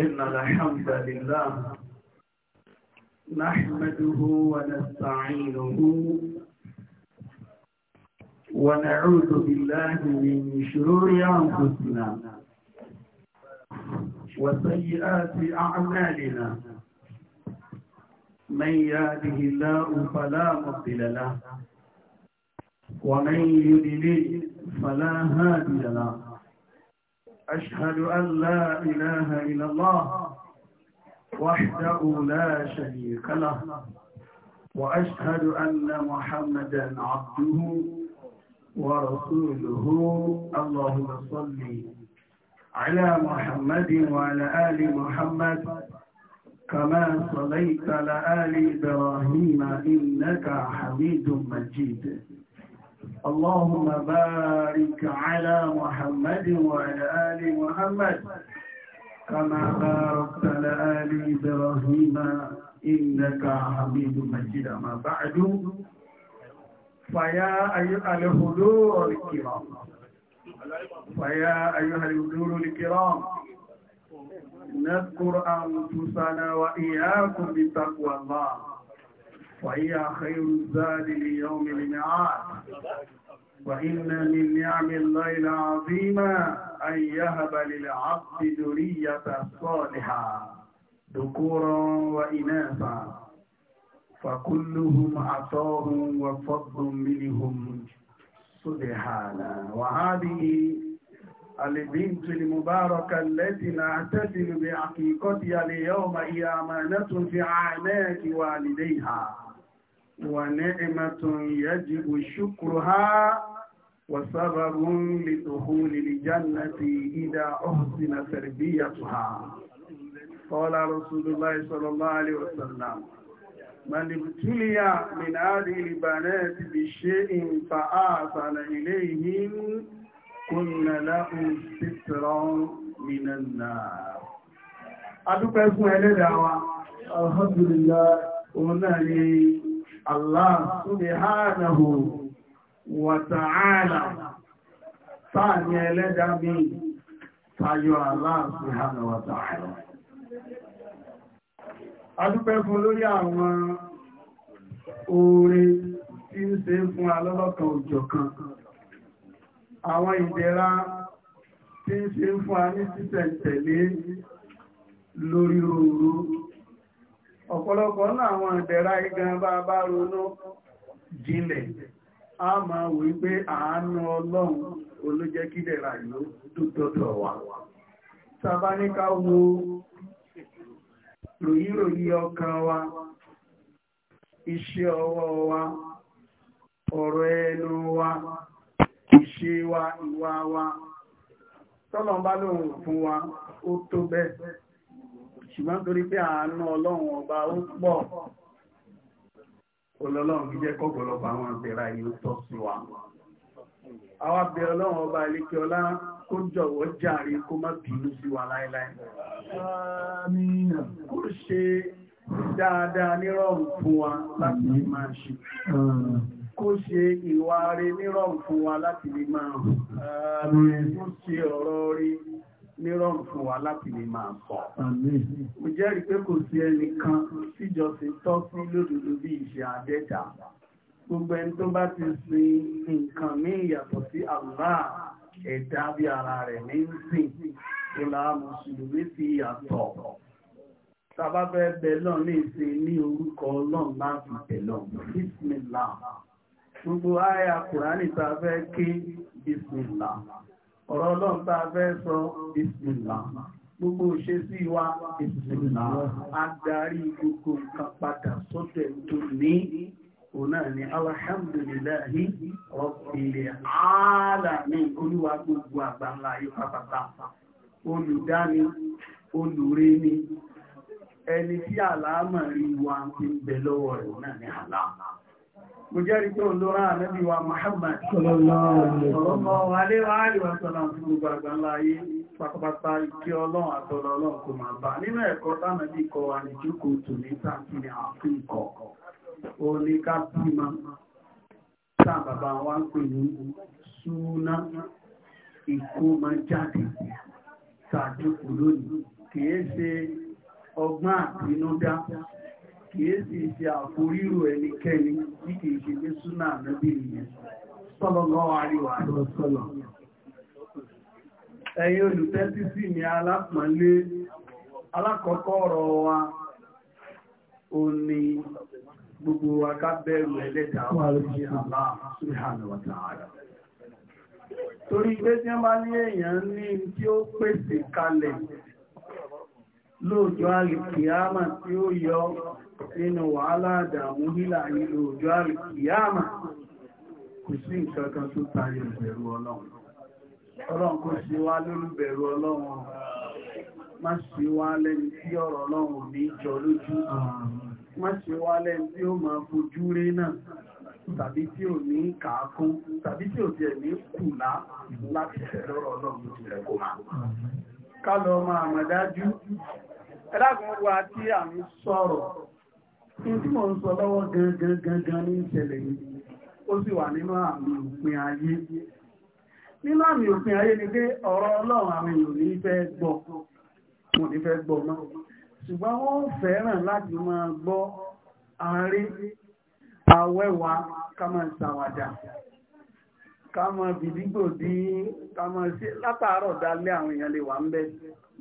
إن الحمد لله نحمده ونستعينه ونعوذ بالله من شرور أنفسنا وسيئات أعمالنا من يهده الله فلا مضل له ومن يضلل فلا هادي له أشهد أن لا إله إلا الله وحده لا شريك له وأشهد أن محمدا عبده ورسوله اللهم صل على محمد وعلى آل محمد كما صليت على آل إبراهيم إنك حميد مجيد اللهم بارك على محمد وعلى آل محمد كما باركت على آل إبراهيم إنك حميد مجيد ما بعد فيا أيها الحضور الكرام فيا أيها الحضور الكرام نذكر أنفسنا وإياكم بتقوى الله وهي خير الزاد ليوم الميعاد وإن من نعم الله العظيم أن يهب للعبد ذرية صالحة ذكورا وإناثا فكلهم عطاه وفضل منهم سبحانه وهذه البنت المباركة التي نعتزل بعقيقتها اليوم هي أمانة في أعناق والديها wà ní ẹ̀mẹ́tùn ìyájí òṣùkúrúhá wàsábàrún lè tòhó lèlè jannati ìdá ọ̀hùsìnà tarbiyatuha qala rasulullah sallallahu alaihi wasallam من من هذه البنات بشيء فآثن إليهن كن له سترا من النار adúpẹ́ fún ẹlẹ́dàá wa alhamdulillah òun náà ni Allah subhanahu wa ta'ala táà ní ẹlẹ́dà mi tayọ Allah subhanahu wa ta'ala. A dúpẹ́ fún lórí àwọn oore tí ń ṣe fún alọ́lọ́kan òjọ̀kan. Àwọn ìdẹ̀ra tí ń ṣe fún a ní títẹ̀ntẹ̀lé lórí oòrùn ọ̀pọ̀lọpọ̀ náà àwọn ìdẹ̀ra igan bá bá ronú jinlẹ̀ a máa wí àánú ọlọ́run olójẹ́ kí dẹ̀ra ìlú tó dọ́dọ̀ wà sàbáníká wa iṣẹ́ ọwọ́ wa ọ̀rọ̀ ẹnu wa ìṣe wa wa tọ́lọ̀ bá fún wa ó tó bẹ́ẹ̀ ṣùgbọ́n torí pé àánú ọlọ́run ọba ó pọ̀ olọ́lọ́run fi jẹ́ kọ́gbọ̀lọpọ̀ àwọn àbẹ̀rà yìí tọ́ sí wa àwọn àbẹ̀ ọlọ́run ọba ilékè ọlá kó jọ̀wọ́ jàre kó má bínú sí wa láéláé kó ṣe dáadáa nírọ̀rùn fún wa láti lè máa ṣe kó ṣe ìwà rere nírọ̀rùn fún wa láti lè máa rìn kó ṣe ọ̀ láti lè máa pọ̀. Mo jẹ́rìí pé kò sí ẹnìkan tíjọsìn tọ́ sí lódodo bí ìṣe àdẹ́dà. Gbogbo ẹni tó bá ti sin nǹkan ní ìyàtọ̀ sí Allah ẹ̀dá bí ara rẹ̀ ní ń sìn. Ìlà Mùsùlùmí ti yàtọ̀. Sábà fẹ́ bẹ lọ́n ní ìsìn ní orúkọ Ọlọ́run láti bẹ̀ lọ́n. Bísmìlá. Gbogbo àyà Kùránì tá fẹ́ ké Bísmìlá ọ̀rọ̀ ọlọ́run tá a fẹ́ sọ ìsìnlá gbogbo ṣe sí wa ìsìnlá adarí gbogbo nǹkan padà sọ́tẹ̀ tó ní òun náà ni alhamdulillahi rabbil alamin olúwa gbogbo àgbàlá ayé pátápátá olùdáni olùre ni ẹni tí àlámọ̀ rí wa ti ń lọ́wọ́ rẹ̀ náà ni àlámọ̀ mo jẹ́rí pé olóra ànábì wa Muhammad sallallahu alaihi wa alihi wa sallam fún gbogbo àgbàlá ayé pátápátá ìkí ọlọ́run àtọ́lọ́ ọlọ́run kò máa bá nínú ẹ̀kọ́ tánàbí kọ wa tò ní sáàtì àfin kọ̀ ó ní ká bímọ sáà bàbá wa ń pè ní súná ìkómọjáde tàjókò lónìí kìí ṣe ọgbọ́n àtinúdá kìí sì si afọ iru tí kìí ṣe ní súnà ànábì nìyẹn sallallahu alaihi ni alápọ̀nlé alákọ̀ọ́kọ́ ọ̀rọ̀ wa ò ní gbogbo wa ká bẹ̀rù ẹlẹ́dàá wa lórí ala subhanahu wa ta'ala torí pé tí wọ́n bá ní èèyàn ní tí lóòjọ́ alìkìyàmà tí ó yọ nínú wàhálà àdàmú hílà ní lóòjọ́ alìkìyàmà kò sí ìṣọ́kan tó tayé ìbẹ̀rù ọlọ́run kò sí wá má ma wá lẹ́ni tí ọ̀rọ̀ ọlọ́run ní jọ lójú má wá lẹ́ni tí ó máa fojú rí náà tàbí tí ò ní kàákún tàbí tí ò ní kùlá láti ọlọ́run ti rẹ̀ ẹ̀dàkùn wà tí à ń sọ̀rọ̀ tí tí mo ń sọ lọ́wọ́ gangan ní ìṣẹ̀lẹ̀ yìí ó sì wà nínú àmì òpin ayé nínú àmì òpin ayé ni pé ọ̀rọ̀ ọlọ́run àwọn èèyàn ní fẹ́ gbọ́ mo ní fẹ́ gbọ́ náà ṣùgbọ́n wọ́n fẹ́ràn láti máa gbọ́ àárín awẹ́wà ká máa ṣàwàdà ká máa bìdígbò látàárọ̀ dalẹ́ àwọn èèyàn lè wà ń bẹ̀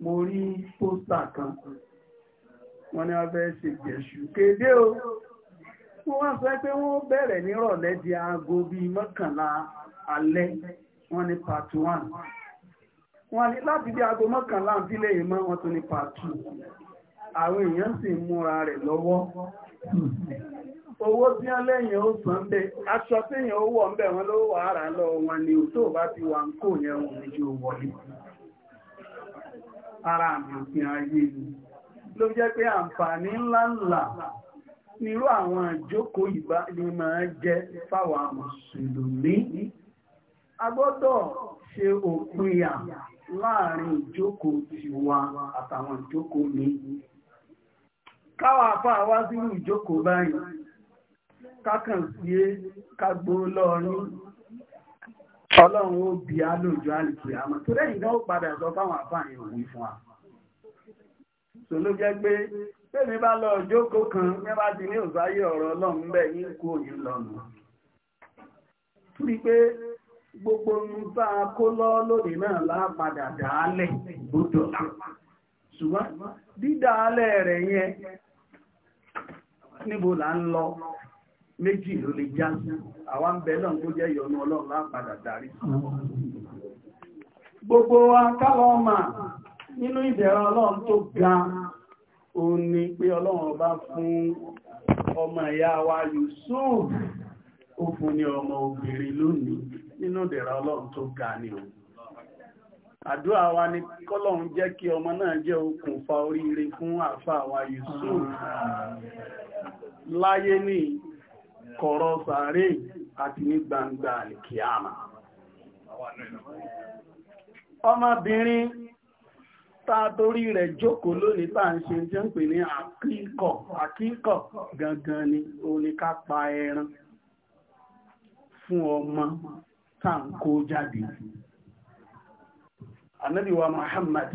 mo rí pósítà kan wọ́n ní wọ́n fẹ́ ṣe jẹ̀ṣù kéde o wọ́n sọ pé wọ́n bẹ̀rẹ̀ nírọ̀lẹ́ di aago bíi mọ́kànlá alẹ́ wọ́n ní part one wọ́n ní láti bí aago mọ́kànlá ìbílẹ̀ yìí mọ́ wọ́n tún ní part two àwọn èèyàn sì ń múra rẹ̀ lọ́wọ́ owó tí wọ́n lẹ́yìn ó san bẹ́ẹ̀ aṣọ téèyàn ó wọ̀ ń bẹ̀ wọ́n ló wà á rà lọ wọn ni ò tó bá ti wà ń kò yẹn òun ní ju wọlé ara àmì òfin ayé ni. ló jẹ́ pé àǹfààní ńláńlá nírú àwọn àjókòó ìbá ni máa jẹ́ fáwọn mùsùlùmí a gbọ́dọ̀ ṣe òpinya láàrin ìjókòó tiwa àtàwọn ìjókòó mi káwà fà wá sínú ìjókòó báyìí kákàn sí é kágbó lọ́rin ọlọ́run ó bí á lójú àlùkò àmọ́ tó lẹ́yìn náà ó padà sọ fáwọn àfààní òwe fún wa tó ló jẹ́ pé tèmi bá lọ jókòó kan ní bá ti ní òsáyé ọ̀rọ̀ ọlọ́run bẹ́ẹ̀ ní kú òyìn lọ́nà torí pé gbogbo ohun tá a kó lọ lónìí náà lápadà dàálẹ̀ gbọ́dọ̀ ṣùgbọ́n dídàálẹ̀ rẹ̀ yẹn níbo là ń lọ méjì ló lè já àwọn ń bẹ náà tó jẹ́ ìyọnu ọlọ́run lápadà darí gbogbo wa káwọn nínú ìbẹ̀rẹ̀ ọlọ́run tó ga o pé ọlọ́run bá fún ọmọ ìyá wa Yusuf ó fún ní ọmọ obìnrin lónìí nínú ìbẹ̀rẹ̀ ọlọ́run tó ga ni o àdúrà wa ni kọ́lọ̀un jẹ́ kí ọmọ náà jẹ́ okùnfà oríire fún àfà wa Yusuf láyé ní kọ̀rọ̀ sàárè àti ní gbangba ta torí rẹ̀ jókòó lónìí tá à ń ṣe jẹ́ ń pè ní àkíkọ̀ àkíkọ̀ gangan ni òní ẹran fún ọmọ tá ń kó jáde. Ànábì Muhammad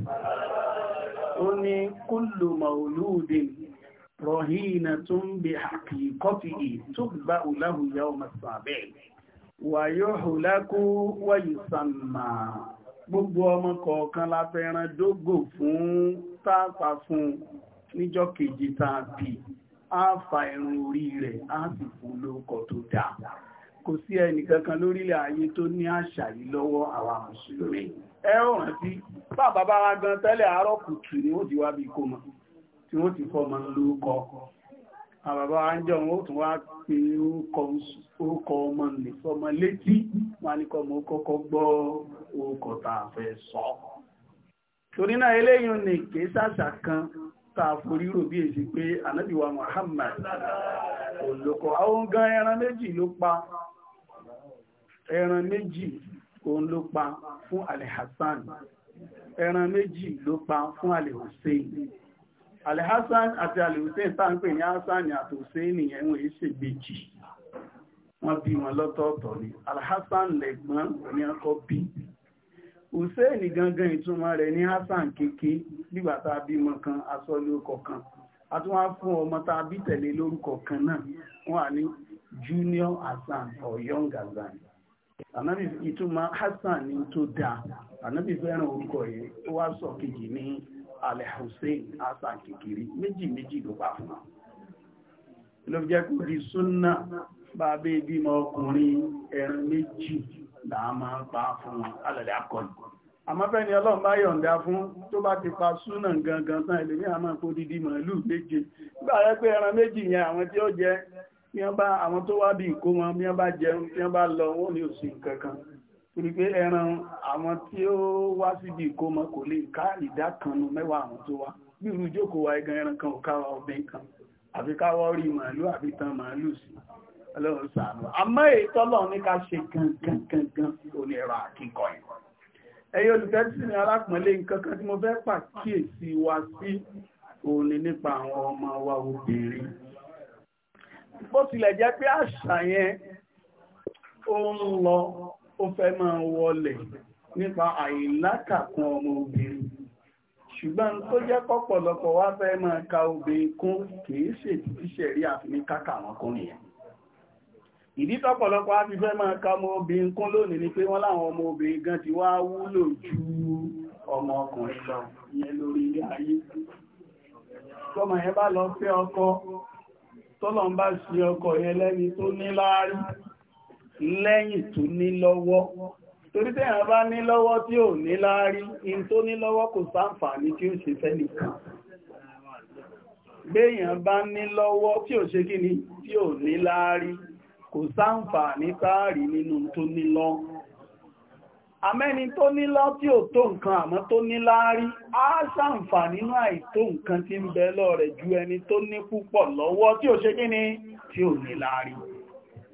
ó ní kullu mauludin rahinatun bi haqiqatihi tugba'u lahu yawm as-sabi' wa yuhlaku wa yusamma. gbogbo ọmọ kọ̀ọ̀kan la fẹ́ ran dógò fún tààpà fún níjọ́ kejì tààbì á fa irun orí rẹ̀ á sì fún lóòkọ̀ tó dà kò sí ẹnì kankan lórílẹ̀ ayé tó ní àṣà yìí lọ́wọ́ àwa mùsùlùmí ẹ ó rántí bàbá bá wa gan tẹ́lẹ̀ àárọ̀ kùtù ni ó ti wá bí kó mọ̀ tí wọ́n ti fọ́ ọmọ lóòkọ̀ àbàbá àjọ wọn ó tún wá pé orúkọ ọmọ nìfọ́ ọmọ létí wọn ní kọ́ mọ́ kọ́kọ́ orúkọ tá a fẹ́ sọ torí náà eléyìn ní kìí sàṣà kan tá a forí rò bí èsì pé ànábì wa Muhammad olùkọ́ àwọn gan ẹran méjì ló pa ẹran méjì òun ló pa fún alẹ́ Hassan ẹran méjì ló pa fún alẹ́ Hussein alhassan àti alhussein tá ń pè ní hassan àti hussein ẹ̀wọ̀n yìí ṣe méjì wọ́n bí wọn lọ́tọ̀ọ̀tọ̀ ni alhassan lẹ̀gbọ́n ní ọkọ̀ bí hussein gangan ìtumọ̀ rẹ̀ ní hassan kéke nígbà tá a bímọ kan aṣọ lórúkọ kan a tún wá fún ọmọ tá a bí tẹ̀lé lórúkọ kan náà wọ́n à ní junior hassan or young hassan ànábì ìtumọ̀ hassan ni tó dáa ànábì fẹ́ràn orúkọ yẹn ó wá sọ kejì ní alẹ́hùsẹ́n hasan kékeré méjì méjì ló pa fún wa ló jẹ́ kó di súnà bá bẹ́ bímọ ọkùnrin ẹran méjì làá máa pa fún wa alẹ́lẹ́ akọni àmọ́fẹ́ ni ọlọ́run bá yọ̀ǹda fún tó bá ti pa súnà gangan tán ẹlòmí àmọ́ kó dídí màálù méje nígbà rẹ pé ẹran méjì yẹn àwọn tí ó jẹ bí wọ́n bá àwọn tó wá bí ìkó wọn bí wọ́n bá jẹun bí wọ́n bá lọ wọn ní òsì kankan torí ẹran àwọn tí ó wá síbi ìkómọ kò lè ká ìdá kanu mẹ́wàá àwọn tó wá bí irú ìjókòó ẹran kan ò káwa ọbẹ̀ kan àfi rí màálù àfi tan màálù sí ọlọ́run sàánú àmọ́ ètò ọlọ́run ní ká gangan gangan ẹ̀rọ ẹ̀yẹ ni nǹkan kan tí mo fẹ́ pàkíyèsí wa sí òní nípa àwọn ọmọ wa obìnrin bó tilẹ̀ jẹ́ pé àṣà yẹn ó lọ ó fẹ́ máa wọlé nípa àìlákàkún ọmọ obìnrin ṣùgbọ́n tó jẹ́ pọ̀pọ̀lọpọ̀ wá fẹ́ máa ka obìnrin kún kìí ṣètì tíṣẹ̀rí àfi ní kákà wọn kún nìyẹn ìdí tọ́pọ̀lọpọ̀ á fi fẹ́ máa ka ọmọ obìnrin kún lónìí ni pé wọ́n láwọn ọmọ obìnrin gan ti wá wúlò ju ọmọ ọkùnrin lọ ìyẹn lórí ilé ayé tọ́mọ yẹn bá lọ fẹ́ ọkọ tọ́lọ́ ń bá ṣe ọkọ yẹn lẹ́ni tó ní láárí lẹ́yìn tó ní lọ́wọ́ torí tẹ́yàn bá ní lọ́wọ́ tí ò ní láárí in tó ní lọ́wọ́ kò sáǹfààní tí ó ṣe fẹ́nìkan béèyàn bá ní lọ́wọ́ tí ò ṣe kí ni tí ò ní láárí kò sáǹfààní táàrí nínú tó ní lọ amẹ́ni tó ní lọ tí ò tó nǹkan àmọ́ tó ní láárí á sáǹfààní nínú àìtó nǹkan tí ń bẹ lọ́rẹ̀ ju ẹni tó ní púpọ̀ lọ́wọ́ tí ò ṣe kí ni tí ò ní láárí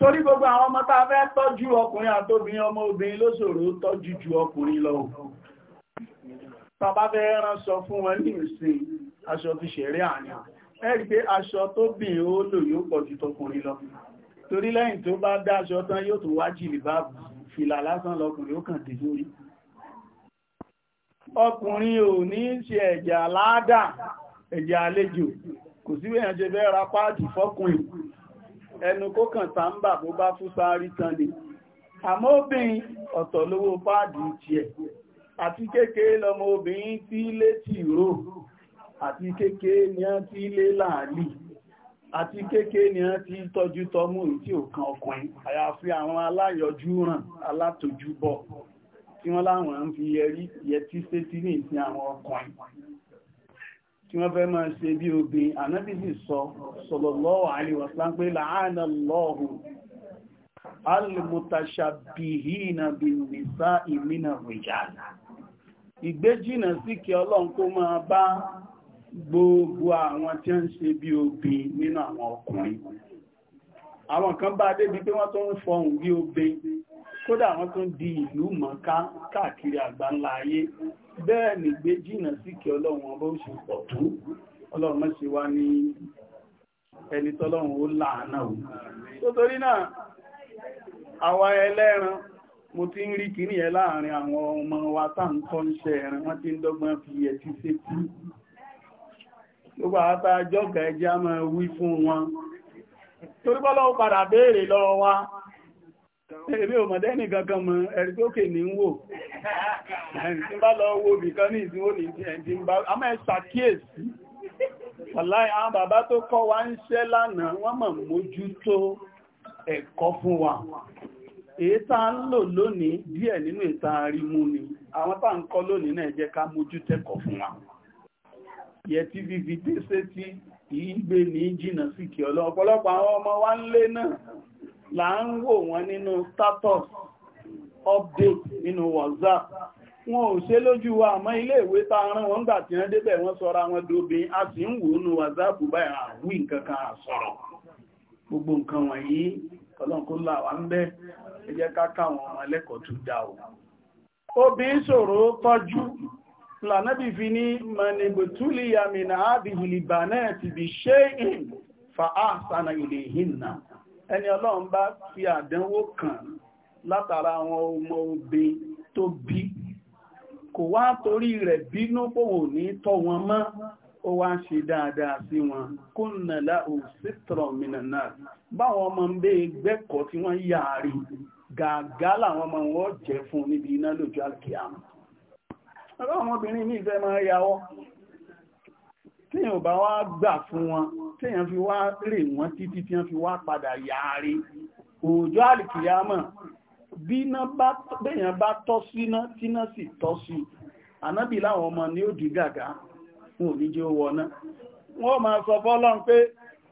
torí gbogbo àwọn ọmọ tá a fẹ́ tọ́jú ọkùnrin àtobìnrin ọmọ obìnrin ló ṣòro tọ́jú ju ọkùnrin lọ bàbá fẹ́ rán sọ fún wọn ní ìsìn aṣọ ti ṣẹ̀rí àárín ẹ̀rí pé aṣọ tó bìn ó lò yóò pọ̀ ju tọkùnrin lọ torí lẹ́yìn tó bá dá aṣọ tán yóò tún wá jìlìbáàbù fìlà lásán lọkùnrin ó kàn dé lórí ọkùnrin ò ní ṣe ẹ̀jẹ̀ aládà ẹ̀jẹ̀ àlejò kò sí wẹ́yàn jẹ bẹ́ẹ̀ ra páàtì fọ́kùnrin ẹnu kó kàn tàǹbà bó bá fún sáárí tán ni àmọ́ obìnrin ọ̀tọ̀ lówó páàdì tiẹ̀ àti kékeré lọmọ obìnrin tí ilé ti rò àti kékeré ni a ti ilé láàlì àti kékeré ni a ti tọ́jú tọmú tí ò kan ọkùnrin àyàfi àwọn aláyọjú ràn alátojúbọ tí wọ́n láwọn ń fi yẹrí yẹtí sétí ní ìsìn àwọn ọkùnrin tí wọ́n fẹ́ máa ṣe bí obìn ànábì sì sọ sallallahu alaihi wasallam pé la'ana Allahu al-mutashabbihina bin-nisa'i mina rijal ìgbéjìnà sí kí ọlọ́run kó máa bá gbogbo àwọn tí ń ṣe bí obìn nínú àwọn ọkùnrin àwọn kan bá débi pé wọ́n tó ń fọhùn bí obe kódà wọ́n tó ń di ìlú mọ̀ká káàkiri àgbáńlá ayé bẹ́ẹ̀ nìgbé jìnà síkẹ ọlọ́run ọba ó ṣe pọ̀ tó ọlọ́run mọ́ sí wá ní ẹni tọ́lọ́run ó láàánà ò tó torí náà àwa ẹlẹ́ran mo ti ń rí kìíní ẹ láàrin àwọn ọmọ wa táǹkọ́ ń ṣe ẹ̀rìn wọ́n ti ń dọ́gbọ́n fi ẹtí sétí gbogbo àtàjọ́gà ẹjẹ́ a máa wí fún wọn torí bọ́lọ́wọ́ padà béèrè lọ́wọ́ wá. èmi ò mọ̀dé nìkan kan mọ̀ ẹ̀rí tó kè ní ń wò ẹ̀rí bá lọ wo bìkan ní ìdíwò ní ẹ̀dí bá àmọ́ àwọn bàbá tó kọ́ wa ń ṣẹ́ lánàá wọ́n mọ̀ mójútó ẹ̀kọ́ fún wa èyí tá ń lò lónìí díẹ̀ nínú ìta ni àwọn tá ń kọ́ lónìí náà jẹ́ ká mójútẹ́kọ̀ kìí gbé ní jìnà sí kí ọlọ́pọ̀lọpọ̀ àwọn ọmọ wa ń lé náà là ń wò wọn nínú status update nínú WhatsApp wọn ò ṣe lójú wa àmọ́ ilé ìwé ta rán wọn gbà tí wọ́n débẹ̀ wọ́n sọra wọn a sì ń wò nínú WhatsApp báyìí àwí nǹkan gbogbo la lànàbì fi ní manibtuliya min hadhihi libanati bi shay'in fa ahsana ilayhinna ẹni ọlọ́run bá fi àdánwò kàn látara àwọn ọmọ obìn tó bí kò wá torí rẹ̀ bínú pòwò ní tọ́ wọn mọ́ ó wá si won sí wọn kó nà láò sítọ̀rọ̀ mìíràn náà báwọn ọmọ ń bẹ́ gbẹ́kọ̀ọ́ tí wọ́n yàárí gàgá làwọn ọmọ wọn jẹ́ fún níbi iná lójú àkíyàmù ọlọ́run obìnrin ní ìfẹ́ máa yàwọ́ tíyàn bá wá gbà fún wọn tíyàn fi wá rè wọ́n títí tíyàn fi wá padà yàárí òòjọ́ àlìkìyàmọ̀ bíyàn bá tọ́ síná tíná sì tọ́ sí ànábì láwọn ọmọ ni ó di gàgá fún òníjẹ́ owó ọ̀nà wọ́n máa sọ fọ́lọ́n pé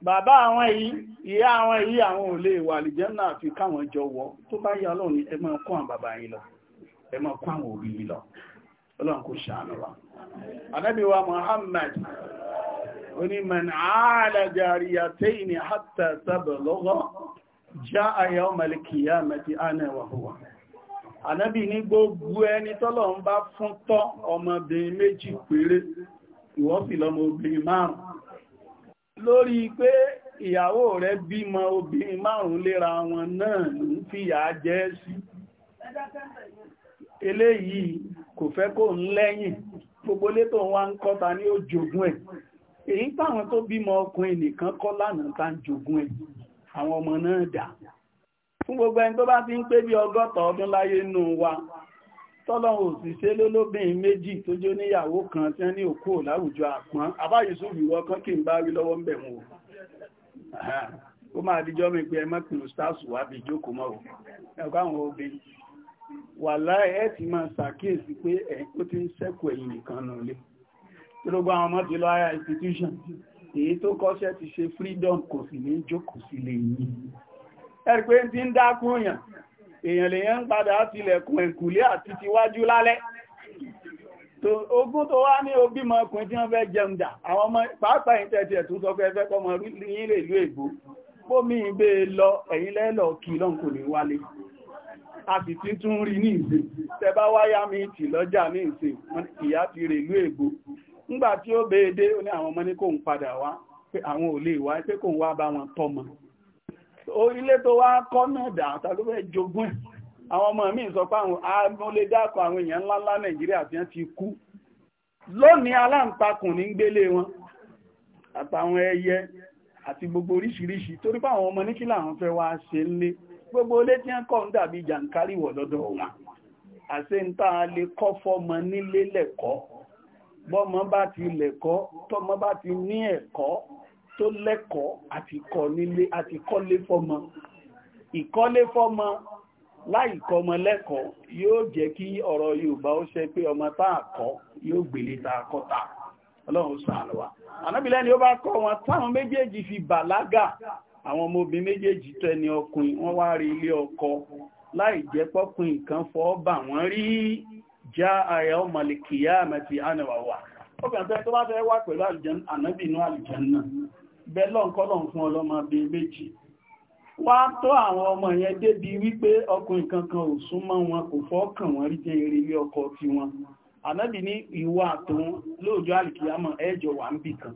bàbá àwọn èyí ìyá àwọn èyí àwọn ò lè wà lìjẹ́ náà fi káwọn jọ wọ́ tó bá yà lọ́run ẹ máa kó àwọn bàbá yìí lọ ẹ máa kó àwọn òbí yìí lọ ọlọ́run kò ṣàánú wa anábì wa Muhammad teyini àálàjàríyàtẹ́yìn hatta ja jaa yawmal qiyamati ana wa huwa anábì ní gbogbo ẹni tọ́lọ̀ ń bá fún tọ́ ọmọbìnrin méjì péré ìwọ́sì kò fẹ́ kó ń lẹ́yìn gbogbo létò wa ń kọ́ ta ní ó jogún ẹ̀ èyí táwọn tó bímọ ọkùnrin nìkan kọ́ lánàá ta ń jogún ẹ̀ àwọn ọmọ náà dà fún gbogbo ẹni tó bá ti ń pé bí ọgọ́ta ọdún láyé nù wa tọ́lọ́run òṣìṣẹ́ lólóbìnrin méjì tó jó níyàwó kan tí wọ́n ní òkú láwùjọ àpọ́n àbá Yusuf ìwọ kan kí n bá rí lọ́wọ́ ń bẹ̀ wọn ó máa dijọ́ mi pé ẹ mọ́kùnrin stars wà bí ìjókòó mọ́ ẹ̀kọ́ àwọn obìnrin wàláì ẹ ti máa ṣàkíyèsí pé ẹ̀kọ́ ti ń sẹ́kù ẹ̀yìn nìkan náà lé gbogbo àwọn ọmọ ti lọ higher institution èyí tó kọ́ṣẹ́ ti ṣe freedom kò sì ní jókòó sí lè yí ẹ̀rì pé ti ń dákún èèyàn èèyàn lèyàn ń padà tilẹ̀kùn ẹ̀kùnlé àti tiwájú lálẹ́ tó ogún tó wá ní obímọ ọkùnrin tí wọ́n fẹ́ jẹun dà àwọn ọmọ pàápàá ìtẹ́tì ẹ̀ tó sọ pé ẹfẹ́ kọmọ yín rèlú ègbó pómi ìgbé lọ ẹ̀yìn lẹ́lọ́ lọ́nkò ní wálé a sì ti tún rí ní ìsìn tẹ́bá wáyá mi tì lọ́jà ní ìsìn ìyá ti rè lú ègbò ńgbà tí ó béèdé ó ní àwọn ọmọ ní kò ń padà wá pé àwọn ò lè wá pé kò ń wá bá wọn tọmọ orílẹ̀ tó wá kọ́ náà dà tàbí fẹ́ jogún ẹ̀ àwọn ọmọ mi sọ pé àwọn amúlédàkọ̀ àwọn èèyàn ńláńlá nàìjíríà ti ti kú lónìí aláǹtakùn ní gbélé wọn àtàwọn ẹyẹ àti gbogbo oríṣiríṣi torí pé àwọn ọmọ ní kí làwọn fẹ́ wá ṣe ńlé gbogbo ilé tí wọ́n kọ́ ń dàbí jàǹkárí wọ̀ lọ́dọ̀ wọn àṣẹ ń tà lè kọ́ fọ́mọ nílé lẹkọ bọmọ bá ti lẹkọ tọmọ bá ti ní ẹkọ tó lẹkọ àti kọ́ nílé àti kọ́lé fọ́mọ ìkọ́lé fọ́mọ láìkọ́ ọmọ lẹ́kọ̀ọ́ yóò jẹ́ kí ọ̀rọ̀ Yorùbá ó ṣe pé ọmọ táà kọ́ yóò gbélé táà kọ́ ọlọrun ọlọ́run sàánù wa ànábìlẹ́ni ó bá kọ́ wọn táwọn méjèèjì fi bàlágà àwọn ọmọ obìnrin méjèèjì tẹni ọkùnrin wọn wá rí ilé ọkọ láì nǹkan fọ ọba wọn rí já ààrẹ ọmọlẹ̀kìyà àmẹ́tì ànàwàwà ọkùnrin tẹ́ tó bá wà pẹ̀lú ànábìnú àlùjànnà bẹ́ẹ̀ lọ́nkọ́lọ́n fún méjì wá tó àwọn ọmọ yẹn débi wípé ọkùnrin kankan ò wọn kò fọ́ kàn wọn rí eré ilé ọkọ tiwọn wà ń bì kan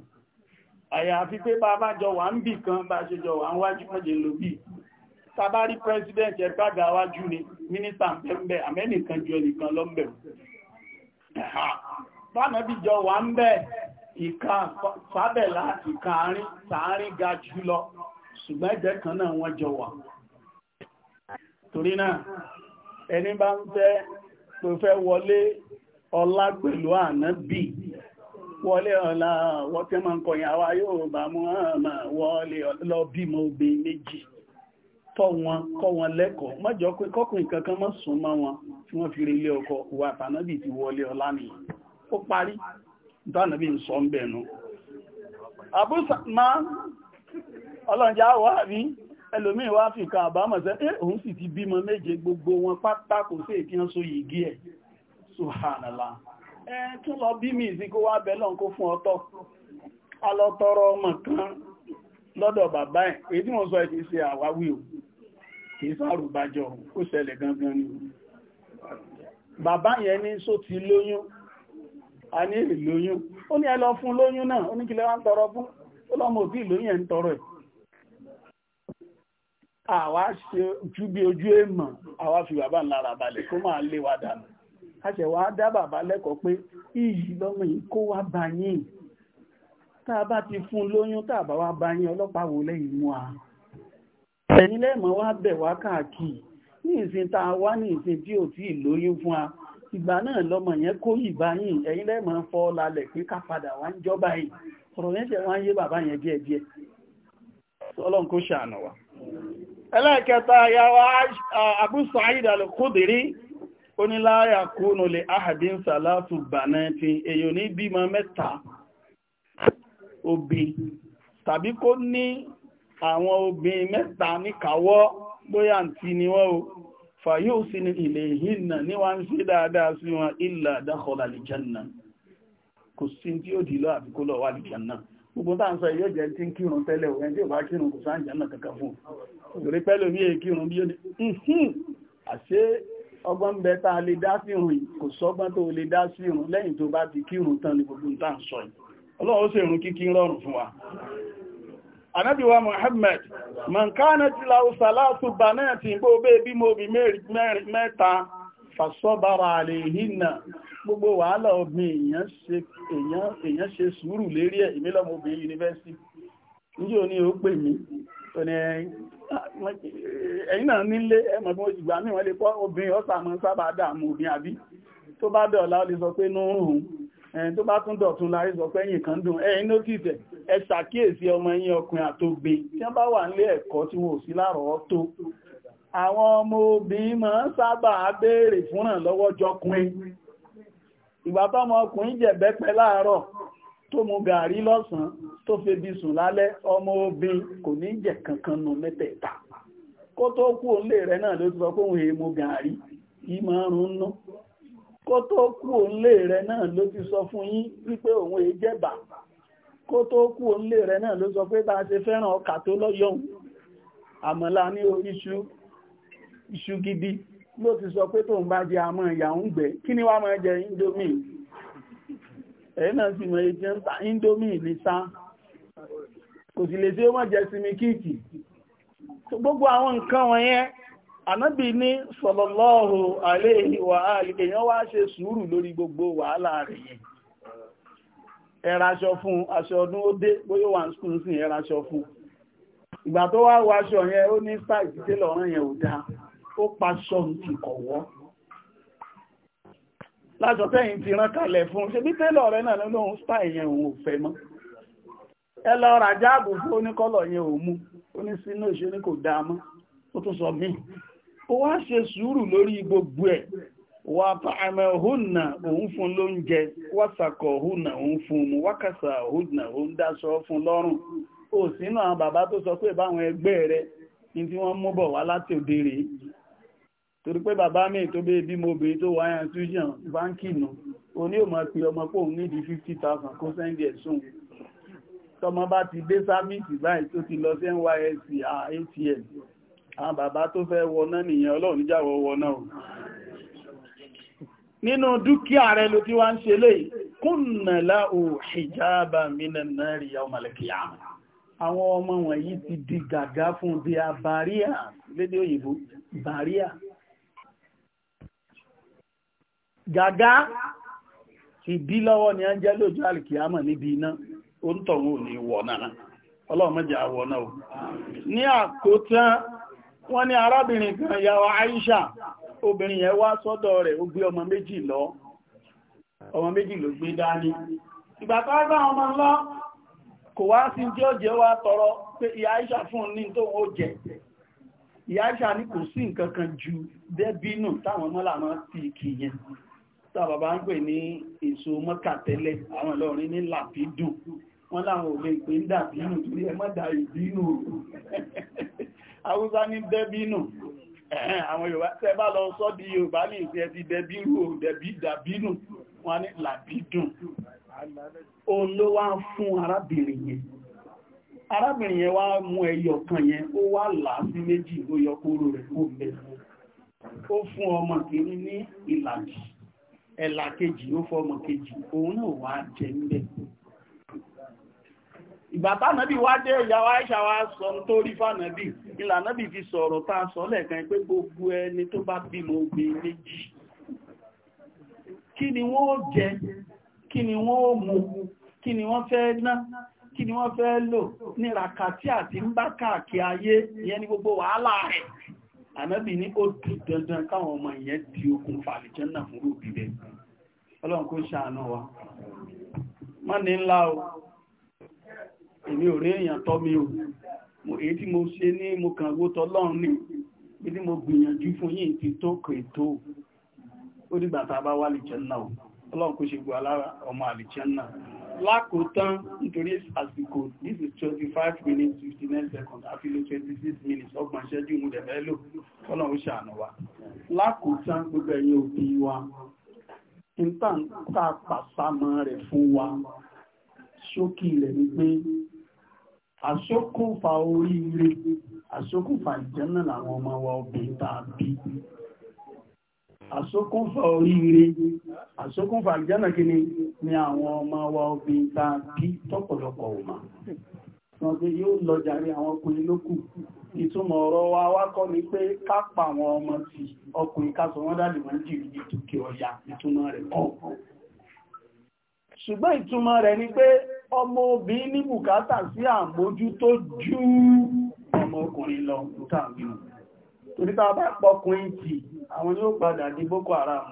àyàfi pé bá bá jọ wà ń bì kan bá ṣe jọ wà ń wájú mọ́jẹ ló bí tàbárí president ẹgbàgà wájú ni mínísítà pẹ́m̀bẹ̀ amẹ́nìkan ju ẹnìkan lọ́m̀bẹ̀ bánàbí jọ wà ń bẹ̀ ìka sábẹ̀lá ìka àárín sàárín ga jù lọ ṣùgbọ́n ẹgbẹ́ kan náà wọ́n jọ wà torí náà ẹni bá ń fẹ́ pẹ̀fẹ́ wọlé ọlá pẹ̀lú ànábì wọlé ọ̀la wọ́n tí máa ń kọ̀yìn àwa yóò bá mú àmà wọlé lọ bímọ obìnrin méjì tọ́ wọn kọ́ wọn lẹ́kọ̀ọ́ mọ́jọ pé kọ́kùnrin kankan mọ́ sùn mọ́ wọn tí wọ́n fi rí ilé ọkọ wà tànábì ti wọlé ọ̀la nìyí ó parí tànábì ń sọ ń bẹ̀nu àbúsà ọlọ́njà wà rí ẹlòmí wá fi kan àbámọ̀ sẹ́ ẹ́ òun sì ti bímọ méje gbogbo wọn pátá sí èkí wọn so yìí gí ẹ̀ tún lọ bí mi ìsìnkú wá bẹ́lọ́n kó fún ọtọ́ alọ́tọrọ ọmọ kan lọ́dọ̀ bàbá ẹ̀ èyí tí wọ́n sọ ẹ̀kì sí àwáwí o kì í sàrùbájọ ó ṣẹlẹ̀ gangan ni bàbá yẹn ní só ti lóyún a ní ìlóyún ó ní ẹ lọ fún lóyún náà ó ní kí lẹ wá ń tọrọ fún ó lọ́mọ òbí ìlóyún ẹ̀ ń tọrọ ẹ̀ àwa ṣe ojú bí ojú èèmọ̀ àwa fi bàbá ńlára balẹ̀ kó máa léwà dànù àṣẹ wàá dá bàbá lẹ́kọ̀ọ́ pé iyì lọ́mọ yìí kó wá bá yín tá a bá ti fún lóyún tá a bá wá bá yín ọlọ́pàá wò lẹ́yìn mú a ẹ̀yin lẹ́mọ̀ wá bẹ̀ wá káàkiri ní ìsìn tá a wá ní ìsìn tí ò tí ì lóyún fún a ìgbà náà lọ́mọ yẹn kó ìbá yìí ẹ̀yin lẹ́mọ̀ fọ́ lálẹ̀ pé ká padà wá ń jọba yìí ọ̀rọ̀ yẹn ṣe wá ń yé bàbá yẹn díẹ̀ díẹ̀ ọlọ́run kó ṣàánà wa ẹlẹ́ẹ̀kẹta Abu Sa'id al-Khudri ó ní láyà kúnnù lè áhàdín sàlátù bàná ti èyàn ní bímọ mẹ́ta òbí tàbí kó ní àwọn obìnrin mẹ́ta níkàwọ́ bóyá àǹtí ni wọ́n o fàyíò sí ní ilẹ̀ ìhìnà ní wọ́n ń sí dáadáa sí wọn ìlà dákọ̀lá lè jẹ́nà kò sí tí ó dìlọ àbí kó lọ wà lè gbogbo tá ń sọ yóò jẹ́ tí ń kírun tẹ́lẹ̀ òun tí ò bá kírun kò sáà jẹ́nà kankan fún un rí pẹ́lú bí èkírun bí ó ní ọgbọ́n bẹ tá a lè dá sí ìrun kò sọ́gbọ́n tó lè dá sí lẹ́yìn tó bá ti kírun tán ní gbogbo ìta sọ yìí ọlọ́run ṣe kíkí rọrùn fún wa mankana ti la usalatu banati bó bí mo bí mẹ́ta gbogbo wàhálà èèyàn ṣe sùúrù lérí ẹ̀ ìmílọ́mọbìn yunifásitì ní ó pè ah, ẹ̀yin náà nílé ẹmọ̀ bí wọ́n jù gbà mí wọ́n lè kọ́ obìnrin ọ́sà mọ́ sábà dààmú ní àbí tó bá dọ̀la ó lè sọ pé nú hùn ẹ̀yìn tó bá tún dọ̀tún la rí sọ pé ẹ̀yìn kan dùn ẹ̀yìn nókìtẹ̀ ẹ ṣàkíyèsí ọmọ yín ọkùnrin àtògbè tí wọ́n bá wà nílé ẹ̀kọ́ tí wọn ò sí lárọ̀ọ́tó àwọn ọmọ obìnrin máa sábà béèrè fúnràn lọ́wọ́ jọkùnrin ìgbà tọ́mọ ọkùnrin jẹ̀bẹ́pẹ́ láàárọ̀ tó mu gàrí lọ́sàn-án tó febi sùn lálẹ́ ọmọ obìnrin kò ní jẹ̀ kankan nù mẹ́tẹ̀ẹ̀ta kó tó kú òǹlé rẹ̀ náà ló ti sọ pé òun èèmù gàárì ìmọ̀ ọ̀run kó tó kú òǹlé rẹ̀ náà ló ti sọ fún yín wípé òun èé jẹ̀bà kó tó kú òǹlé rẹ̀ náà ló sọ a ṣe fẹ́ràn ọkà tó lọ́yọ̀hún ní iṣu gidi ló ti sọ pé tóun bá jẹ àmọ́ ń gbẹ kí ni máa jẹ náà sì ṣe ó jẹ gbogbo àwọn nǹkan wọ̀nyẹn ànábì ní sọ̀lọ̀lọ́hù aléhì wà áàlìkè yán wá ṣe sùúrù lórí gbogbo wàhálà rẹ̀ yẹn ẹ̀rà aṣọ fún aṣọ ọdún ó dé bóyó wà ń skún sí ẹ̀rà aṣọ fún ìgbà tó wá wọ aṣọ yẹn ó ní sáìsì tí lọ́rán yẹn ò dáa ó pa aṣọ ti kọ̀wọ́ láṣọ tẹ́yìn ti rán kalẹ̀ fún ṣe bí tẹ́lọ̀ ẹ lọ ràjáàbù fún oníkọ́lọ̀ yẹn ò mú ó ní sínú ìṣe ní kò dáa mọ́ ó tún sọ mí ó wá ṣe sùúrù lórí gbogbo ẹ̀ wà pàmẹ́ húnà òun fún lóúnjẹ wàsàkọ̀ húnà òun fún mu wákàsà húnà òun dáṣọ fún lọ́rùn ó sínú àwọn bàbá tó sọ pé báwọn ẹgbẹ́ rẹ ní tí wọ́n mú bọ̀ wá láti òde rèé torí pé bàbá mi tó bẹ́ bí mo bèé tó wáyà tuition báńkì nù oní ò máa pe ọmọ pòun nídìí 50,000 kó sẹ́ndì ẹ̀sùn tọmọ bá ti dé sáfíìsì báyìí tó ti lọ sí nysc atm àwọn bàbá tó fẹ́ wọná nìyẹn ọlọ́run níjàwọ́ wọná o nínú dúkìá rẹ ló ti wá ń ṣe léyìí kúnnà láò hijaba minan nari yawmal qiyamah àwọn ọmọ wọ̀nyí ti di gàgá fún bí a bàríà lédè òyìnbó bàríà gàgá ìdí lọ́wọ́ ni a ń jẹ́ lójú àlìkìyàmọ̀ níbi iná ó ń tọ̀wọ́ ní wọ̀ náà ọlọ́mọjà wọ̀ náà ní àkótán wọ́n ni arábìnrin kan wa Aisha obìnrin yẹn wá sọ́dọ̀ rẹ̀ ó gbé ọmọ méjì lọ ọmọ méjì ló gbé dání ìgbà ọmọ lọ tọrọ pe ìyá Aisha fún ní tó ó jẹ Aisha tá bàbá ń pè ní èso mọ́kà àwọn Ìlọrin ní làpídùn wọ́n láwọn ò lè pè ń dàbínù torí ẹ má dà ìbínú Haúsá ní dẹ́bínù àwọn Yorùbá tẹ́ bá lọ sọ́ di Yorùbá ní ìfẹ́ ti dẹ́bínú dẹ̀bí dàbínú wọ́n ní làbídùn òun ló wá fún arábìnrin yẹn arábìnrin yẹn wá mú ẹyọ kan yẹn ó wá là sí méjì ó yọ kóró rẹ̀ kó bẹ̀ ó fún ọmọ kìíní ní ìlàjì ẹ̀là kejì ó fọ́ ọmọ kejì òun náà wá jẹ ń ìgbàtà nàbí wá dé ìyàwó àìṣà wá sọ tó rí fànàbí ìlà nàbí fi sọ̀rọ̀ tá a sọ lẹ́ẹ̀kan pé gbogbo ẹni tó bá bímọ obìnrin méjì kí ni wọ́n jẹ kí ni wọ́n ó mu kí ni wọ́n fẹ́ ná kí ni wọ́n fẹ́ lò ní ràkàtí àti ń bá káàkiri ayé ìyẹn ni gbogbo wàhálà rẹ̀ ànábì ní ó dùn dandan káwọn ọmọ ìyẹn di okun fàlìjẹ́ náà fún òbí rẹ̀ ọlọ́run kó ṣàánú wa mọ́ni ńlá o èmi ò rí èèyàn tọ́ mi ò mo èyí tí mo ṣe ní mo kàn gbó tọ́lọ́run ní bí tí mo gbìyànjú fún yìí ti tó kò ètò ó dìgbà tá a bá wà lìjẹ́nà o ọlọ́run kò ṣe gbọ́ alára ọmọ àlìjẹ́nà lákòótán nítorí àsìkò this is twenty five minutes fifty nine seconds àfi ló twenty six minutes ọgbọ̀n ìṣẹ́jú ìmúlẹ̀ fẹ́ lò ọlọ́run ṣàánú wa lákòótán gbogbo ẹ̀yin òbí wa ń tá ká pàṣámọ́ rẹ̀ fún wa ṣókí rẹ̀ ni pé àṣókùnfà oríire àṣókùnfà ìjẹ́nà làwọn ọmọ wa obìnrin tá a bí àṣókùnfà oríire àṣókùnfà ìjẹ́nà kíni ni àwọn ọmọ wa obìnrin tá a bí tọ́pọ̀lọpọ̀ yóò lọ jàre àwọn ọkùnrin lókù ìtumọ̀ ọ̀rọ̀ wa wá kọ́ ni pé ká pa àwọn ọmọ tí ọkùnrin ká sọ wọ́n wọ́n jìrì ní ọ̀yà ìtumọ̀ rẹ̀ kọ́ ọmọ obìnrin ní bùkátà sí àmójútó ju ọmọ ọkùnrin lọ tàbí torí tá bá pọkùnrin tì àwọn yóò padà di boko haram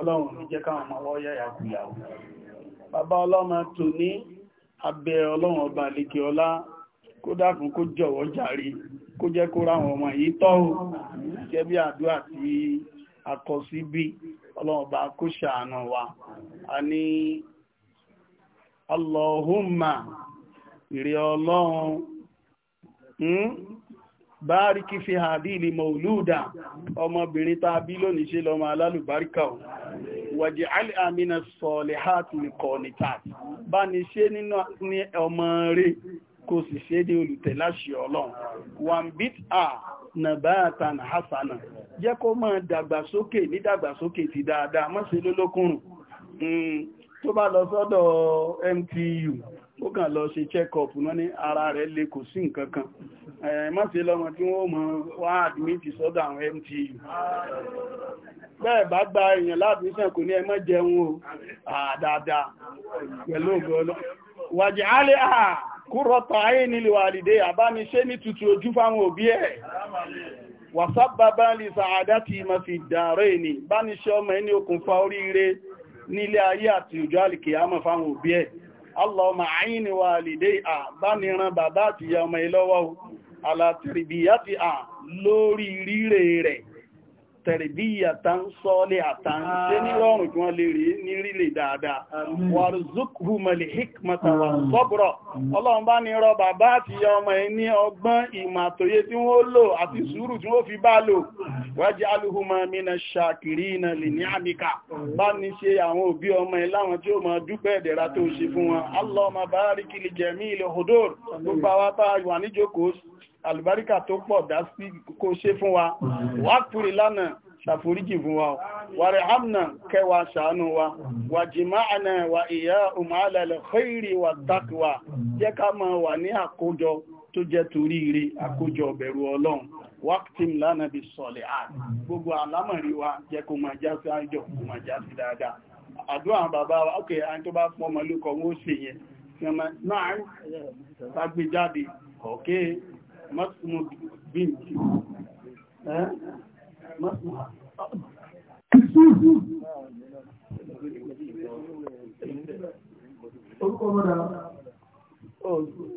ọlọ́run ní jẹ́ káwọn ọmọ yáyà kùyàwó bàbá ọlọ́mọ tò ní abẹ́ ọlọ́run ọba lékè ọlá kó dákun kó jọ̀wọ́ jàre kó jẹ́ kó ráwọn ọmọ yìí tọ́ ò Allahumma ìrẹ̀ ọlọ́run hmm? báríkì fi hàdí ilé maulúdà ọmọbìnrin tá bí lónìí ṣe lọ́mọ alálùbáríkà ò wàjí alìhàmínà sọ̀lẹ̀ hàtì kọ̀ọ̀nìtà bá ní ṣe nínú ní ọmọ rẹ̀ kò sì ṣe ní olùtẹ̀láṣì ọlọ́run tó bá lọ sọ́dọ̀ MTU ó kàn lọ ṣe check-up náà ní ara rẹ̀ lè kò sí nǹkan kan mọ́sí lọ́mọ tí wọ́n mọ̀ wá àdìmítì sọ́dọ̀ àwọn MTU bẹ́ẹ̀ bá gba èèyàn láàbíṣàn kò ní ẹmọ́ jẹun o àdáadáa pẹ̀lú ògbọ́lọ́ wàjì alẹ́ à kúrọ̀tọ̀ ayé nílé wàlìdé àbániṣẹ́ ní tutù ojú fáwọn òbí ẹ̀ wàsábàbá lè sàádá ti mọ̀ fi dàárẹ̀ ni bániṣẹ́ ọmọ ẹni okùnfà oríire nílé ayé àti ọjọ́ alìkìyàmọ̀ fáwọn òbí ẹ̀ Allahumma àyíni wa lèdè à bá ní ran bàbá àti ìyá ọmọ ilọ́wọ́ alátìrìbìyàtì à lórí rírè rẹ̀ tẹ̀rìbíyà tán sọ́ọ́lẹ̀ àtàn ah. ṣe ní rọrùn kí wọ́n lè rí ní rílè dáadáa wàrùzúkùmọ̀lì hikmata wà sọ́bùrọ̀ ọlọ́run bá ní rọ bàbá àti ọmọ ẹ̀ ní ọgbọ́n ìmọ̀ àtòyé tí wọ́n lò àti sùúrù tí wọ́n fi bá lò wájí alùhùmọ̀ mina ṣàkìrí iná lè ní àmìkà bá ní ṣe àwọn òbí ọmọ ẹ̀ láwọn tí ó máa dúpẹ́ ìdẹ̀ra tó ṣe fún wọn allọ́ọ̀mà bá rí kìlì jẹ̀mí ilẹ̀ hodor gbogbo àwọn tá a wà àlùbáríkà tó pọ̀ dá sí kó ṣe fún wa wà kúrì lánàá ṣàforíjì fún wa wàrẹ̀ hamna kẹwa ṣàánú wa wà jìmáàna wà ìyá òmàálàlẹ̀ khairi wà taqwa jẹ́ ká máa wà ní àkójọ tó jẹ́ torí ire àkójọ bẹ̀rù ọlọ́run wákìtìm lánàá bí sọ̀lẹ̀ àti gbogbo àlámọ̀rí wa jẹ́ kó máa já sí mọ́sùmù bíntì orúkọ mọ́dá ọ̀gbọ̀n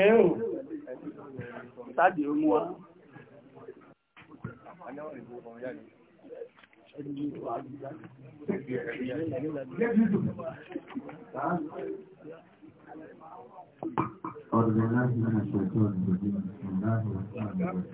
ẹ̀rùn tàbí ó mú wa. أعوذ بالله من الشيطان الرجيم بسم الله الرحمن الرحيم